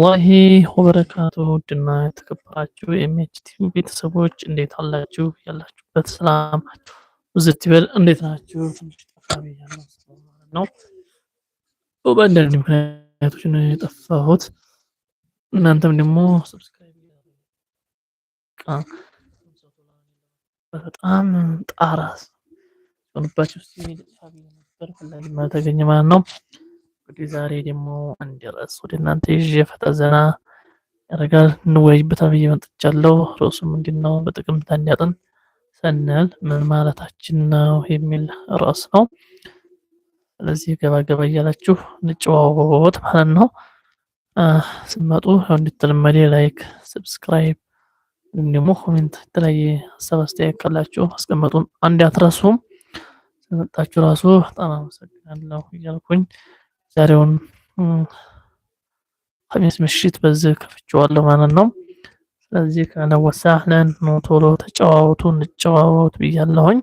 ወራሂ ወበረካቱ ውድና የተከበራችሁ የኤምኤችቲቪ ቤተሰቦች እንዴት አላችሁ? ያላችሁበት ሰላም ናችሁ? ይበል። እንዴት ናችሁ? ትንሽ ጠፋ ያለው ነው። በአንዳንድ ምክንያቶች ነው የጠፋሁት። እናንተም ደግሞ ሰብስክራይብ በጣም ጣራ ሆንባችሁ ነበር፣ ፈላጊ ተገኘ ማለት ነው። እንግዲህ ዛሬ ደግሞ አንድ ርዕስ ወደ እናንተ ይዤ ፈታ ዘና ያደርጋል እንወያይበታል ብዬ መጥቻለሁ። ርዕሱም ምንድን ነው? በጥቅምት አንድ ቀን ስንል ምን ማለታችን ነው የሚል ርዕስ ነው። ስለዚህ ገባ ገባ እያላችሁ እንጨዋወት ማለት ነው። ስመጡ እንድትለመደ ላይክ፣ ሰብስክራይብ ወይም ደግሞ ኮሜንት የተለያየ ሀሳብ አስተያየት ካላችሁ አስቀመጡን አንድ አትረሱም። ስለመጣችሁ ራሱ በጣም አመሰግናለሁ እያልኩኝ ዛሬውን ሀሚስ ምሽት በዚህ ከፍቼዋለሁ ማለት ነው። ስለዚህ ከነወሳህለን ቶሎ ተጫዋወቱ እንጨዋወት ብያለሁኝ።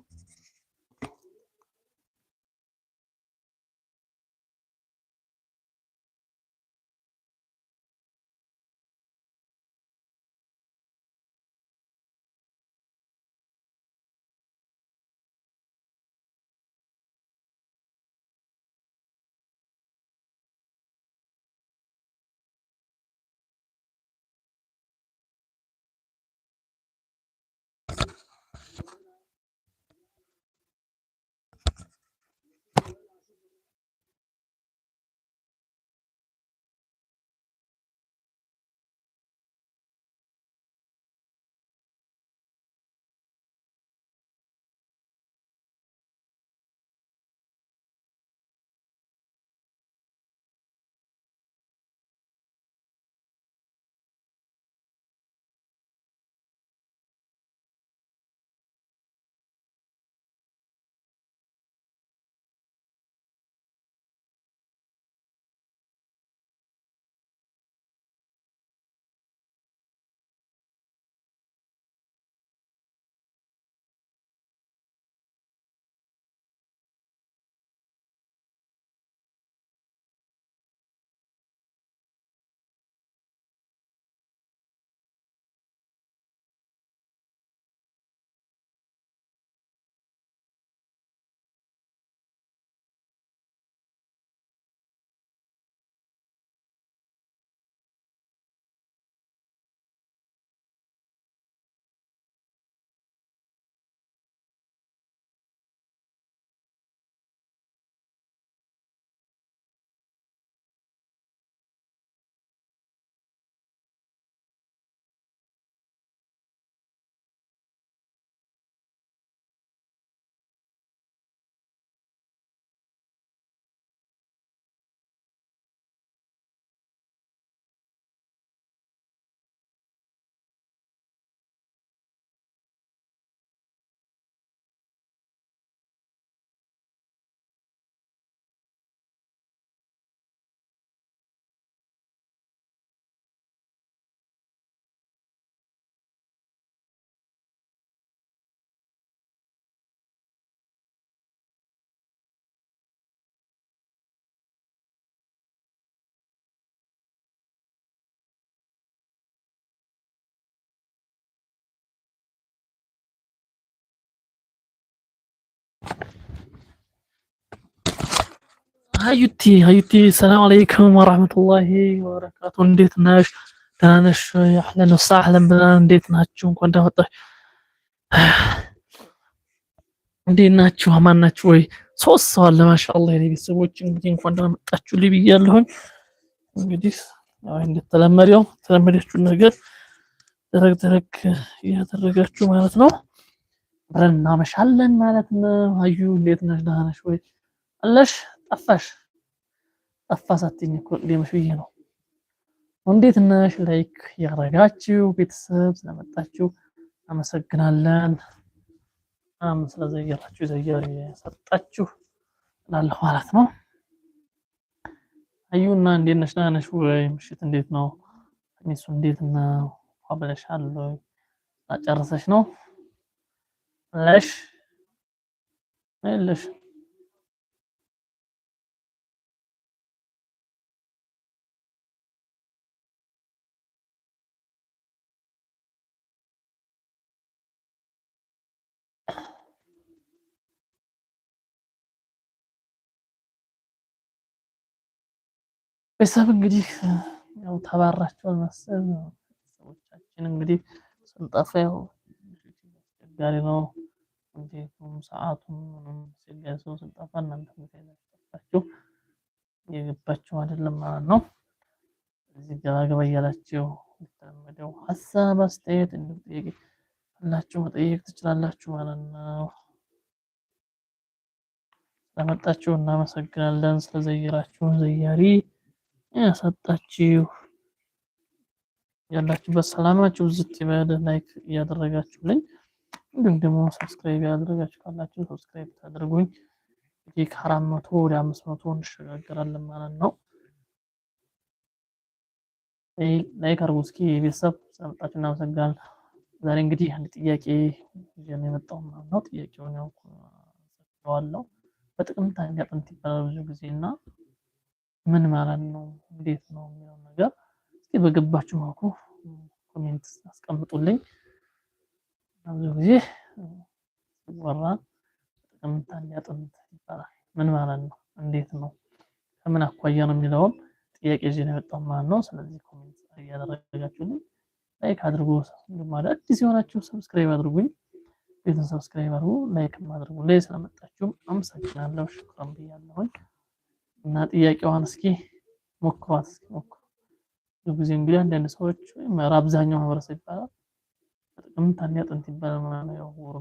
አዩቲ አዩቲ ሰላም አለይኩም ወራህመቱላሂ ወበረካቱ። እንዴት ነሽ? ደህና ነሽ? አህለን ወሳህለን ብላ እንዴት ናችሁ? እንኳን ደህና መጣሽ። እንዴት ናችሁ? አማን ናችሁ ወይ? ሶስት ሰው አለ ማሻአላህ። የኔ ቤተሰቦች እንግዲህ እንኳን ደህና መጣችሁ ብያለሁኝ። እንግዲህ እንደተለመደው ተለመደችውን ነገር ደረግ ደረግ እያደረጋችሁ ማለት ነው። እናመሻለን ማለት ነው። አዩ እንዴት ነሽ? ደህና ነሽ ወይ? አለሽ ጠፋሽ أفاساتين يكون بمشويينو ونديت ناش لايك يا رجاتشو بيتسب سلام التاتشو أما سجنا لان أما سلازي يرحشو زي يري ستاتشو لالله والاك نو أيونا ندير ناش لان شوي مشيت نديت نو ميسو نديت نو قبلش هالوي لا جرسش نو ليش ليش ቤተሰብ እንግዲህ ያው ተባራቸውን መስል ቤተሰቦቻችን እንግዲህ ስንጠፋ ያው አስቸጋሪ ነው። እንዴቱም ሰዓቱም ምንም አስቸጋሪ ሰው ስንጠፋ እናንተ ምታይላችሁ የገባችሁ አይደለም ማለት ነው። እዚህ ገባ ገባ እያላችሁ የተለመደው ሀሳብ አስተያየት፣ እንዲሁም ጥያቄ ካላችሁ መጠየቅ ትችላላችሁ ማለት ነው። ለመጣችሁ እናመሰግናለን። ስለዘየራችሁን ዘያሪ ያሳጣችሁ ያላችሁበት ሰላማችሁ ዝት ይበል። ላይክ እያደረጋችሁልኝ እንዲሁም ደግሞ ሰብስክራይብ ያደረጋችሁ ካላችሁ ሰብስክራይብ ታደርጉኝ። እንግዲህ ከአራት መቶ ወደ አምስት መቶ እንሸጋገራለን ማለት ነው። ላይክ አርጉ እስኪ ቤተሰብ ሰምጣችሁ እናመሰግናለን። ዛሬ እንግዲህ አንድ ጥያቄ ይዘን የመጣው ማለት ነው። ጥያቄውን ያው ሰጥተዋለሁ። በጥቅምት አንድ አጥንት ይባላል ብዙ ጊዜ እና ምን ማለት ነው፣ እንዴት ነው የሚለው ነገር እስኪ በገባችሁ መልኩ ኮሜንት አስቀምጡልኝ። ብዙ ጊዜ ወራ ጥቅምት አንድ አጥንት ይባላል። ምን ማለት ነው፣ እንዴት ነው፣ ከምን አኳያ ነው የሚለውም? ጥያቄ እዚህ ነው የመጣው ማለት ነው። ስለዚህ ኮሜንት እያደረጋችሁልኝ ላይክ አድርጉ። ማለት አዲስ የሆናችሁ ሰብስክራይብ አድርጉኝ፣ ቤትን ሰብስክራይብ አድርጉ፣ ላይክ አድርጉ። ላይ ስለመጣችሁም አመሰግናለሁ። ሽኩራን ብያለሁኝ። እና ጥያቄዋን እስኪ ሞክሯት እስኪ ሞክሩ። ብዙ ጊዜ እንግዲህ አንዳንድ ሰዎች ወይም አብዛኛው ማህበረሰብ ይባላል ጥቅምት አንድ ጥንት ይባላል ማለት ነው። ወሩ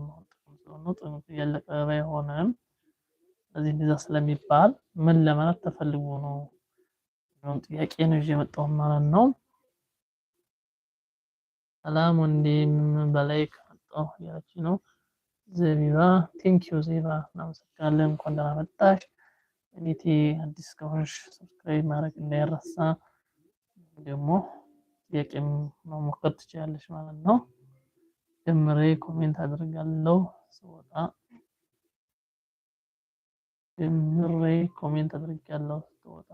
ነው ጥንት እያለቀ ባይሆንም ስለዚህ እንደዛ ስለሚባል ምን ለማለት ተፈልጎ ነው ነው ጥያቄ ነው ይዤ የመጣው ማለት ነው። ሰላም ወንድም በላይ ከመጣሁ ያቺ ነው ዘቢባ ቴንኪዩ ዘቢባ እናመሰግናለን እንኳን ደህና መጣሽ። ቤቴ አዲስ ከሆንሽ ሰብስክራይብ ማድረግ እንዳይረሳ፣ ደግሞ ጥያቄም መሞከር ትችላለሽ ማለት ነው። ጀምሬ ኮሜንት አድርጋለሁ ስወጣ ጀምሬ ኮሜንት አድርጋለሁ ስወጣ።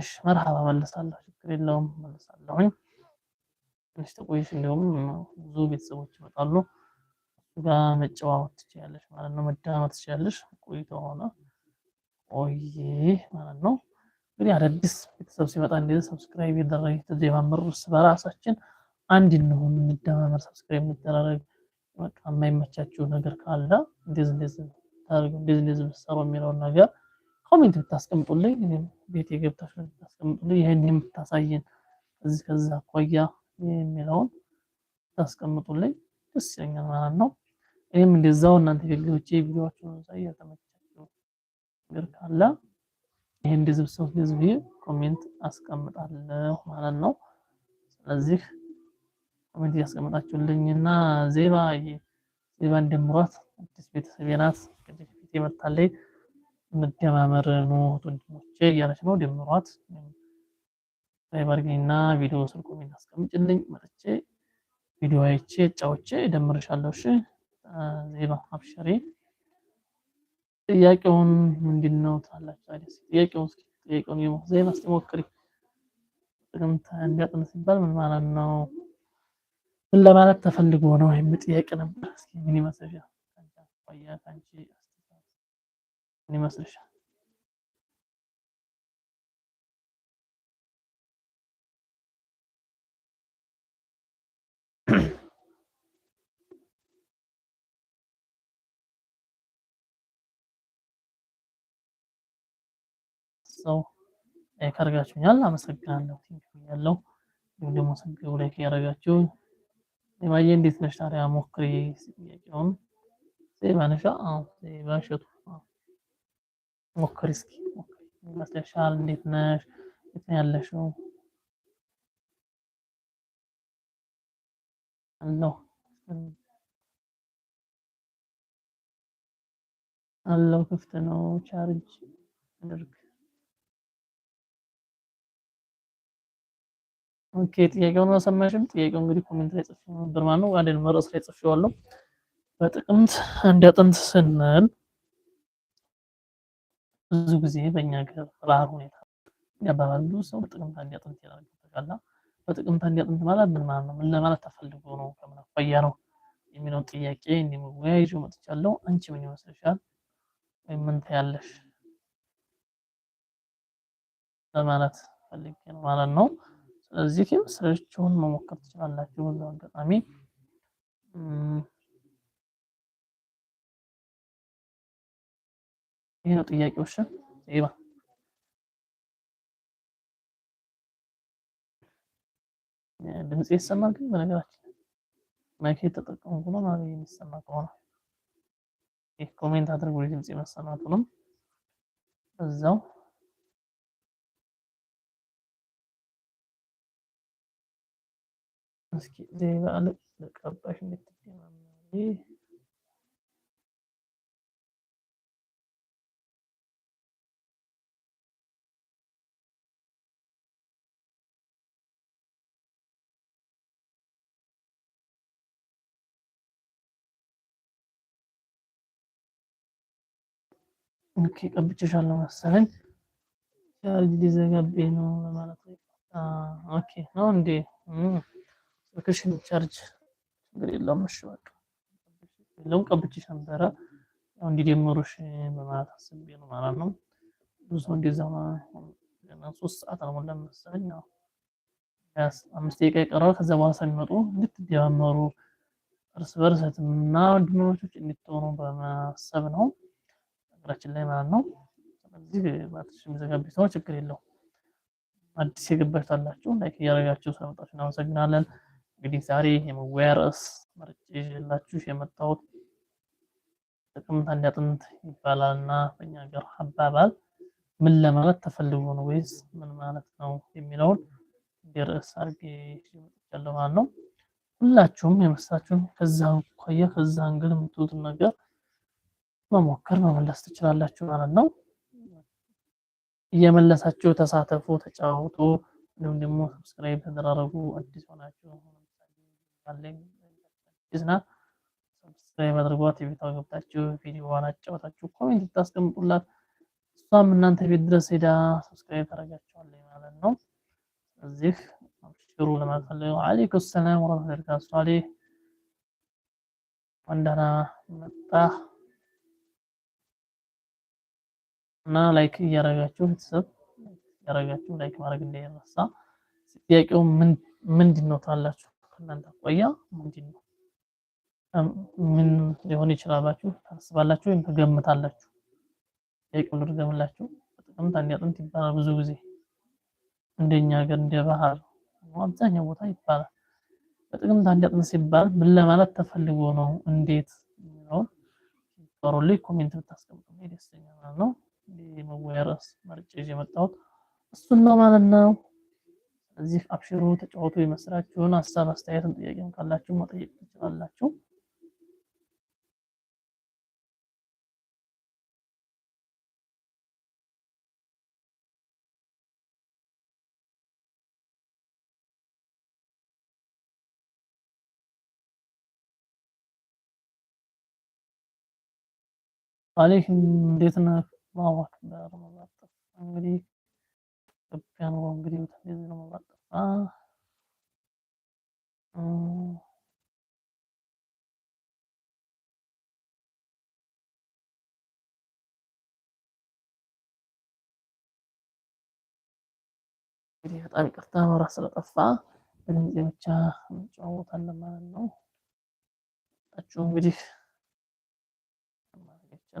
እሺ መርሃባ መለሳለሁ፣ ችግር የለውም መለሳለሁኝ። ትንሽ ተቆይሽ፣ እንዲሁም ብዙ ቤተሰቦች ይመጣሉ። እሱ ጋር መጨዋወት ትችላለሽ ማለት ነው፣ መዳመጥ ትችላለሽ ቆይቶ ሆነ ቆየ ማለት ነው። እንግዲህ አዳዲስ ቤተሰብ ሲመጣ እንደዚህ ሰብስክራይብ ይደረግ፣ ተጀማመሩ፣ በራሳችን አንድ እንሁን፣ እንደማመር ሰብስክራይብ እንደራረግ። በቃ የማይመቻችሁ ነገር ካለ እንደዚህ እንደዚህ ታርጉ፣ እንደዚህ እንደዚህ ብትሰሩ የሚለውን ነገር ኮሜንት ብታስቀምጡልኝ፣ እኔም ቤቴ ገብታችሁ ብታስቀምጡልኝ፣ ይሄን የምታሳየን እዚህ ከዛ አኳያ የሚለውን ብታስቀምጡልኝ ደስ ይለኛል ማለት ነው። እኔም እንደዛው እናንተ ገልግሎቼ ቪዲዮዎችን ሳይ ነገር ካለ ይሄ እንደዚህ ሰው ህዝብ ኮሜንት አስቀምጣለሁ ማለት ነው። ስለዚህ ኮሜንት ያስቀምጣችሁልኝና ዜባ ዜባ እንደምሯት አዲስ ቤተሰቤ ናት። እንግዲህ ፊት ይመጣለይ መደማመር ነው ወንድሞቼ እያለች ነው። ደምሯት ሳይበርግኝና ቪዲዮ ስልኩ ኮሜንት አስቀምጭልኝ መጥቼ ቪዲዮ አይቼ ጫውቼ ደምርሻለሁ። እሺ ዜባ አብሽሬ ጥያቄውን ምንድን ነው ታላችሁ? አይደል? ጥያቄውን እስኪ ጥያቄውን የሞዘይ ሞክሪ። ጥቅምት አንድ ቀን ሲባል ምን ማለት ነው? ምን ለማለት ተፈልጎ ነው? ወይም ጥያቄ ነበር። እስኪ ምን ይመስልሻል? ሰው ላይክ አድርጋችሁኛል፣ አመሰግናለሁ። ያለው ወይም ደግሞ ሰግቡ ላይክ ያደረጋችሁ የማየ እንዴት ነሽ? ታዲያ ሞክሪ ጥያቄውን ባነሻ ባሸቱ ሞክሪ እስኪ ይመስለሻል? እንዴት ነሽ? የት ነው ያለሽው? አለው አለው ክፍት ነው ቻርጅ አድርግ ኦኬ ጥያቄውን አልሰማሽም። ጥያቄው እንግዲህ ኮሜንት ላይ ጽፌ ነበር ማለት ነው። አንዴን መረስ ላይ ጽፌዋለሁ። በጥቅምት አንድ አጥንት ስንል ብዙ ጊዜ በእኛ ሀገር ባህል ሁኔታ ያባባሉ ሰው በጥቅምት አንድ አጥንት ይላል። በጥቅምት አንድ አጥንት ማለት ምን ማለት ነው? ምን ለማለት ተፈልጎ ነው? ከምን አኳያ ነው የሚለውን ጥያቄ እንዲመወያ ይዤ መጥቻለሁ። አንቺ ምን ይመስልሻል? ወይም ምን ታያለሽ? ለማለት ፈልጌ ነው ማለት ነው። እዚህም ስራችሁን መሞከር ትችላላችሁ። በዛው አጋጣሚ ይሄ ነው ጥያቄዎች ይባ ድምጽ ይሰማል። ግን በነገራችን ማይክ ተጠቀምኩ ሆኖ ማለት የሚሰማ ከሆነ ይህ ኮሜንት አድርጉ ድምጽ መሰማቱንም እዛው እስኪ ሌላ ልቀባሽ እንድትተማመሪ ኦኬ ቀብቼሻለሁ መሰለኝ። ቻርጅ ሊዘጋቤ ነው ለማለት ነው። ኦኬ ነው እንዴ? ስልክሽን ቻርጅ ችግር የለውም። እሺ በቃ የለውም ቀብቼሽ ነበረ ያው እንዲደምሩሽ በማለት አስቤ ነው ማለት ነው። ብዙ ሰው እንደዛ ነው። ሶስት ሰዓት አልሞላም መሰለኝ ያው አምስት ደቂቃ የቀረው ከዛ በኋላ ስለሚመጡ እንድትደማመሩ እርስ በርስ እና ድምሮች እንድትሆኑ በማሰብ ነው ነገራችን ላይ ማለት ነው። ስለዚህ ባትሽ የሚዘጋብሽ ሰው ችግር የለውም። አዲስ የገባችሁ አላችሁ ላይክ እያደረጋችሁ ስለመጣችሁ እናመሰግናለን። እንግዲህ ዛሬ የመወያ ርዕስ መርጬ የመጣሁት ጥቅምት አንድ አጥንት ይባላል እና በእኛ ሀገር አባባል ምን ለማለት ተፈልጎ ነው ወይስ ምን ማለት ነው የሚለውን እንደ ርዕስ አድርጌ መጥቻለሁ ማለት ነው። ሁላችሁም የመሳችሁን ከዛ አኳያ ከዛ አንግል የምትሉት ነገር መሞከር መመለስ ትችላላችሁ ማለት ነው። እየመለሳችሁ ተሳተፉ፣ ተጫወቱ። እንዲሁም ደግሞ ሰብስክራይብ ተደራረጉ አዲስ ሆናችሁ አለኝ እና ሰብስክራይብ አድርጓት። የቤቷ ገብታችሁ ኮሜንት ታስቀምጡላት። እሷም እናንተ ቤት ድረስ ሄዳ ሰብስክራይብ ታደርጋችኋለች ማለት ነው። ሽሩ ለማፈለው አለይኩም ሰላም ወራህመቱላሂ መጣ እና ላይክ እያረጋችሁ ቤተሰብ እያረጋችሁ ላይክ ማድረግ እንዳይረሳ። ጥያቄው ምን ምንድን ነው ታላችሁ እናንተ አኳያ ምንድን ነው ምን ሊሆን ይችላላችሁ ታስባላችሁ ወይም ትገምታላችሁ? ጥያቄውን ልድገምላችሁ። በጥቅምት አንድ አጥንት ይባላል። ብዙ ጊዜ እንደኛ ሀገር እንደ ባህል አብዛኛው ቦታ ይባላል። በጥቅምት አንድ አጥንት ሲባል ምን ለማለት ተፈልጎ ነው? እንዴት ነው? ጦሩልኝ ኮሜንት ብታስቀምጡ ደስተኛ ማለት ነው። መወያየር መርጬ ይዤ እሱን ነው ማለት ነው። ስለዚህ አብሽሩ ተጫወቱ። የመስራችሁን ሀሳብ አስተያየትን፣ ጥያቄም ካላችሁ መጠየቅ ትችላላችሁ። አሌይኩም እንዴት ነህ? ማዋክ እንግዲህ ኢትዮጵያ ነው እንግዲህ እንደዚህ ነው ማጣፋ እንግዲህ በጣም ይቅርታ ወራ ስለጠፋ በድምጽ ብቻ እንጨዋወታለን ማለት ነው። ታችሁ እንግዲህ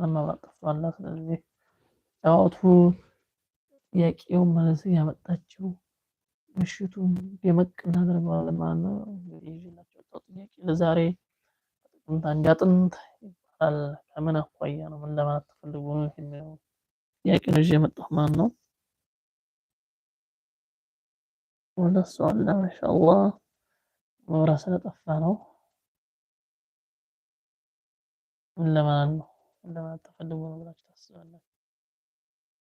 ለማለት ጠፍቷል። ስለዚህ ጫወቱ ጥያቄውን ማለት ያመጣችው ምሽቱ ደመቅ እናደርገዋለን ማለት ነው። እንግዲህ ይዤላችሁ የወጣው ጥያቄ ለዛሬ ጥንት አንድ አጥንት ይባላል። ከምን አኳያ ነው ምን ለማለት ተፈልጎ ነው የሚለው ጥያቄ ነው ይዤ የመጣሁ ማለት ነው። ወደ እሱ አለ ማሻአላህ መብራት ስለጠፋ ነው። ምን ለማለት ነው ምን ለማለት ተፈልጎ ነው ብላችሁ ታስባላችሁ?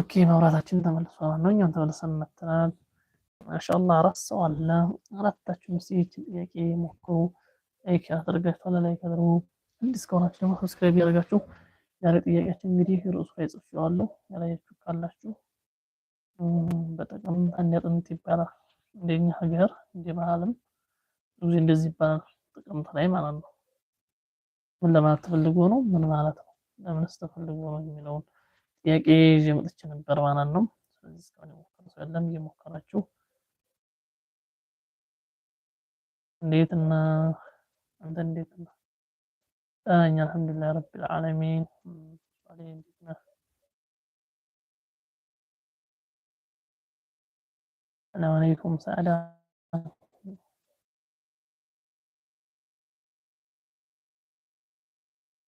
ኦኬ መብራታችን ተመልሷል። ነው እኛም ተመልሰን መጥተናል። ማሻአላ አራት ሰው አለ። አራታችሁም ጥያቄ ሞክሩ። ላይክ አድርጋችኋል። ላይክ አድርጉ። አዲስ ከሆናችሁ ደግሞ ሰብስክራይብ ያደርጋችሁ። ዛሬ ጥያቄያችን እንግዲህ ርዕሱ ላይ ጽፌዋለሁ። ያላያችሁ ካላችሁ በጠቅም አንድ አጥንት ይባላል። እንደኛ ሀገር እንደ ባህልም ብዙ እንደዚህ ይባላል። ጥቅምት ላይ ማለት ነው። ምን ለማለት ተፈልጎ ነው? ምን ማለት ነው? ለምንስ ተፈልጎ ነው የሚለውን ጥያቄ ይዤ መጥቼ ነበር ማለት ነው። ስለዚህ እስካሁን የሞከረ ሰው የለም። እየሞከራችሁ እንዴት እና አንተ እንዴት አልሐምዱሊላህ ረቢል ዓለሚን እንዴት ሰላም አለይኩም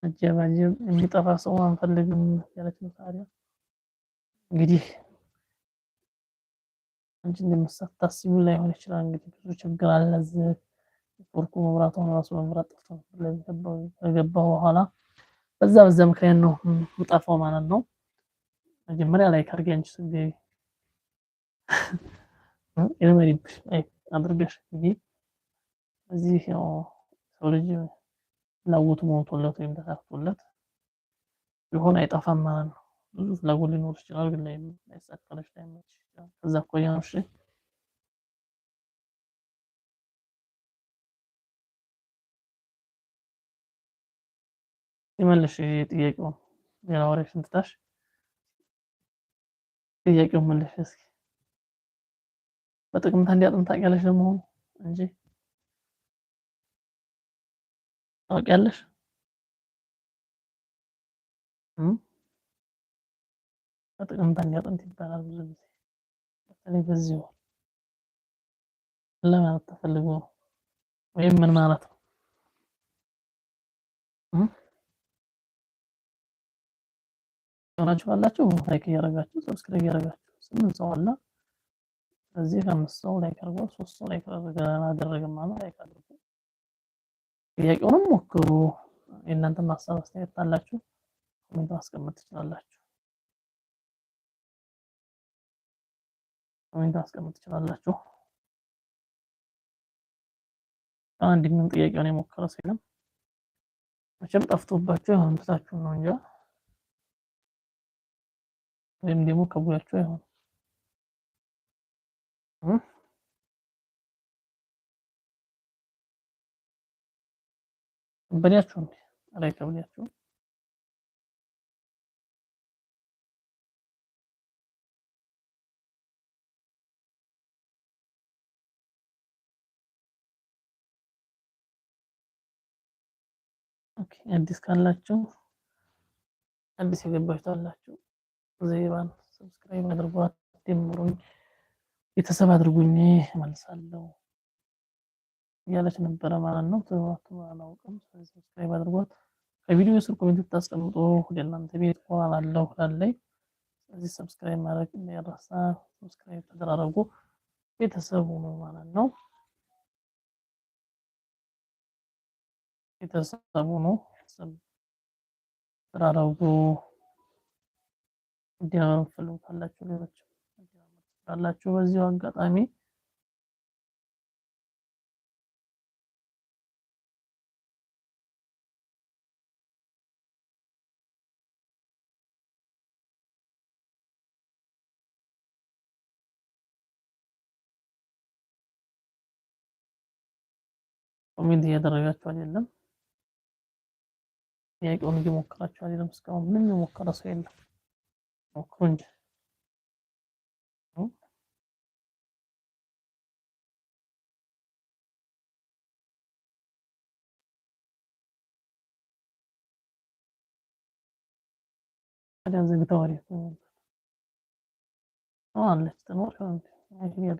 አጀባጀብ የሚጠፋ ሰው አንፈልግም ያለች ምሳሌ እንግዲህ አንቺ እንደምታስቡ ላይሆን ይችላል። እንግዲህ ብዙ ችግር አለ። ኔትወርኩ መብራት ሆነ ራሱ መብራት ጠፍቶ ከገባሁ በኋላ በዛ በዛ ምክንያት ነው የምጠፋው ማለት ነው። መጀመሪያ ላይ ካርጌ አንቺ ስትገቢ የመሪብሽ አድርገሽ እዚህ ያው ሰው ልጅ ፍላጎቱ ሞልቶለት ወይም ተሳክቶለት ቢሆን አይጠፋም ማለት ነው። ብዙ ፍላጎት ሊኖር ይችላል፣ ግን ላይሳካለች ላይመች ይችላል። ከዛ አኳያ ነው። እሺ ይመልሽ ሌላ ወሬ ስንትታሽ ጥያቄው መልሽ እስኪ በጥቅምት አንድ አጥንት ታውቂያለሽ ለመሆኑ እንጂ ታውቂያለሽ? ጥቅምት አንድ አጥንት ይባላል። ብዙ ጊዜ በተለይ በዚህ ወር ለማለት ተፈልጎ ወይም ምን ማለት ነው? ሆናችሁ አላችሁ ላይክ እያደረጋችሁ ሰብስክራይብ እያደረጋችሁ ስምንት ሰው አለ። ስለዚህ ከአምስት ሰው ላይክ አድርጎ ሶስት ሰው ላይክ አደረገ ማለት ላይክ አድርጎ ጥያቄውንም ሞክሩ። የእናንተም ሀሳብ አስተያየት ካላችሁ ኮሜንት ማስቀመጥ ትችላላችሁ። ኮሜንት ማስቀመጥ ትችላላችሁ። አንድ ምን ጥያቄውን የሞከረ ሰው የለም። መቼም ጠፍቶባቸው ይሆን ብታችሁ ነው እንጂ ወይም ደግሞ ከጉያቸው አይሆንም። ከበዳችሁ እንዴ? ኧረ አዲስ ካላችሁ አዲስ የገባችሁ አላችሁ ዘይባን ሰብስክራይብ አድርጓት፣ ደምሩኝ፣ ቤተሰብ አድርጉኝ። እመልሳለሁ። ያለች ነበረ ማለት ነው። ተዋቱ አላውቅም። ስለዚህ ሰብስክራይብ አድርጓት። ከቪዲዮ ስር ኮሜንት ብታስቀምጡ ወደ እናንተ ቤት ቆራላለሁ ላለይ። ስለዚህ ሰብስክራይብ ማድረግ እንዳይረሳ። ሰብስክራይብ ተደራረጉ፣ ቤተሰቡ ነው ማለት ነው። ቤተሰቡ ነው ተደራረጉ። እንዲያመር ፈልጉ ካላችሁ ሌሎች እንዲያመር ካላችሁ በዚሁ አጋጣሚ ኮሜንት እያደረጋችሁ አይደለም። ጥያቄውን እየሞከራችሁ አይደለም። እስካሁን ምንም የሞከረ ሰው የለም። ሞክሩ እንጂ ታዲያ ዘግተዋል። አለች ትኖር ያለች መሰለኝ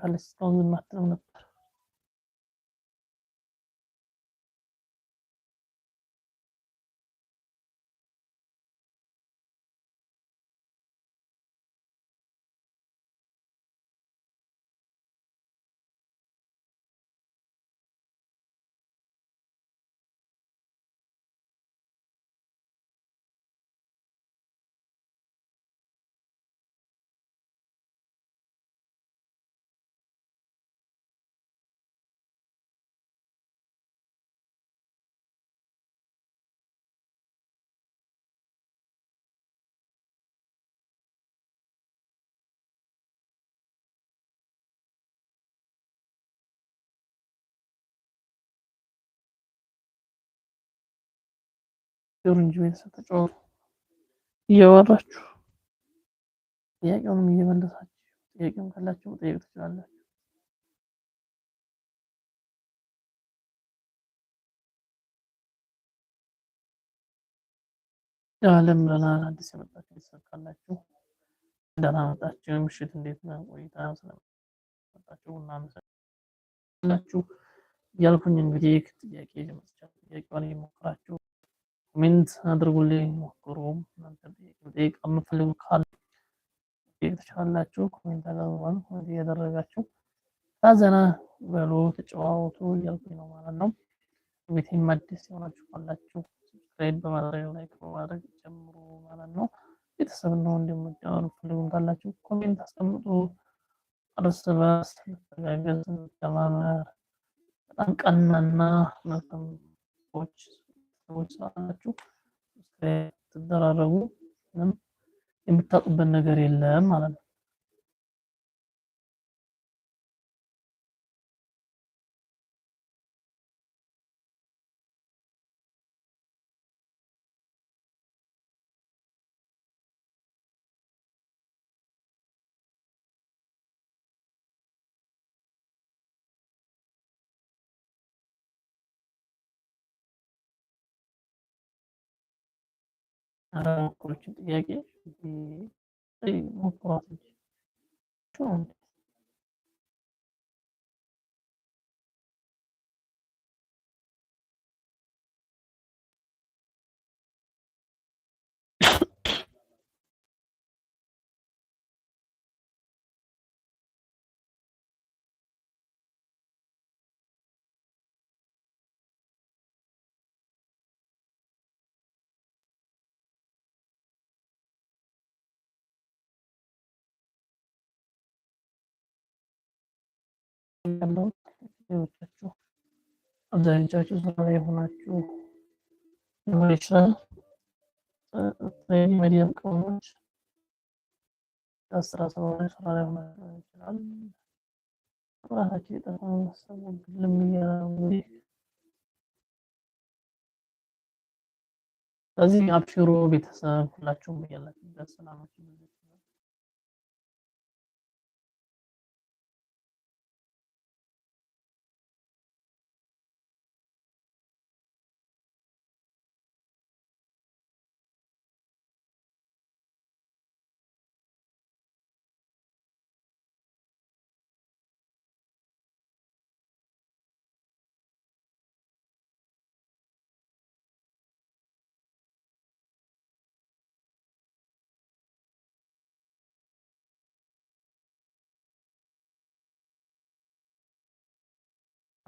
ካለች እስካሁን ዝም አትልም ነበር። አትጨሩ እንጂ ቤተሰብ ተጫወቱ። እያወራችሁ ጥያቄውንም እየመለሳችሁ ጥያቄም ካላችሁ መጠየቅ ትችላላችሁ። የዓለም ብለናል። አዲስ የመጣችሁ ቤተሰብ ካላችሁ ደህና መጣችሁ። ምሽት እንዴት ነው ቆይታ? ስለመጣችሁ እና መሰላችሁ እያልኩኝ እንግዲህ ጥያቄ ለመስጫ ጥያቄዋን እየሞከራችሁ ኮሜንት አድርጉልኝ ሞክሩ። ጠይቅ የምትፈልጉ ካለ ጠይቅ ኮሜንት አድርጉልኝ ኮሜንት እያደረጋችሁ ታዘና በሉ ተጨዋወቱ እያልኩኝ ነው ማለት ነው። ቤቴም አዲስ የሆናችሁ ካላችሁ ሰብስክራይብ በማድረግ ላይክ በማድረግ ጀምሩ ማለት ነው። ቤተሰብ ነው እንደምትደውሉ ፈልጉ ካላችሁ ኮሜንት አስቀምጡ። እርስ በርስ መተጋገዝ፣ መተማመር በጣም ቀናና መልካም ሰዎች ሰዎች ስላላችሁ ትደራረቡ ምንም የምታጡበት ነገር የለም ማለት ነው። አላወቁችም ጥያቄ ሞክሯቶች ያለው ሌሎቻችሁ አብዛኞቻችሁ እዛ ላይ የሆናችሁ ሊሆን ይችላል። ሚዲየም ስራ ላይ ሆናችሁ ሊሆን ይችላል። እንግዲህ ስለዚህ አብሽሮ ቤተሰብ ሁላችሁም ሰላማችሁ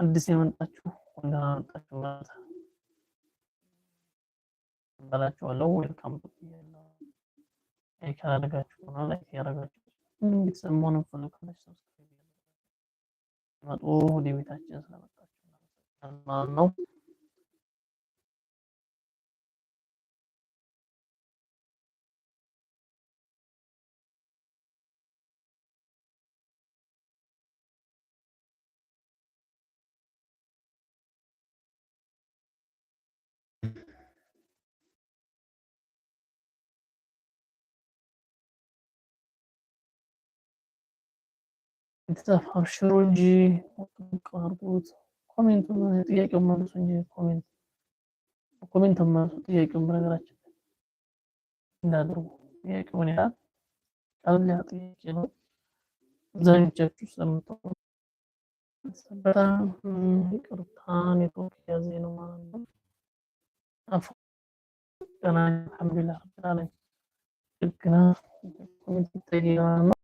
አዲስ የመጣችሁ እንኳን አመጣችሁ ማለት በላችኋለሁ። ዌልካም ላይክ ያደረጋችሁ ነው ላይክ ያደረጋችሁ ምንም ቤተሰብ መሆን መጡ ወደ ቤታችን ስለመጣችሁ ነው። እንድጠፋ ሽሮ እንጂ አርጉት። ኮሜንት ጥያቄውን መልሱ እንጂ ኮሜንት ኮሜንት መልሱ። ጥያቄውን በነገራችን እንዳደርጉ ጥያቄውን ያህል ቀለል ያለ ጥያቄ ነው። አብዛኞቻችሁ ስለምታውቁ በጣም ይቅርታ፣ ኔትወርክ ያዜ ነው ማለት ነው። አፎ ቀና አልሐምዱሊላህ ረብል ዓለሚን ግና ኮሜንት ይጠየቃል ነው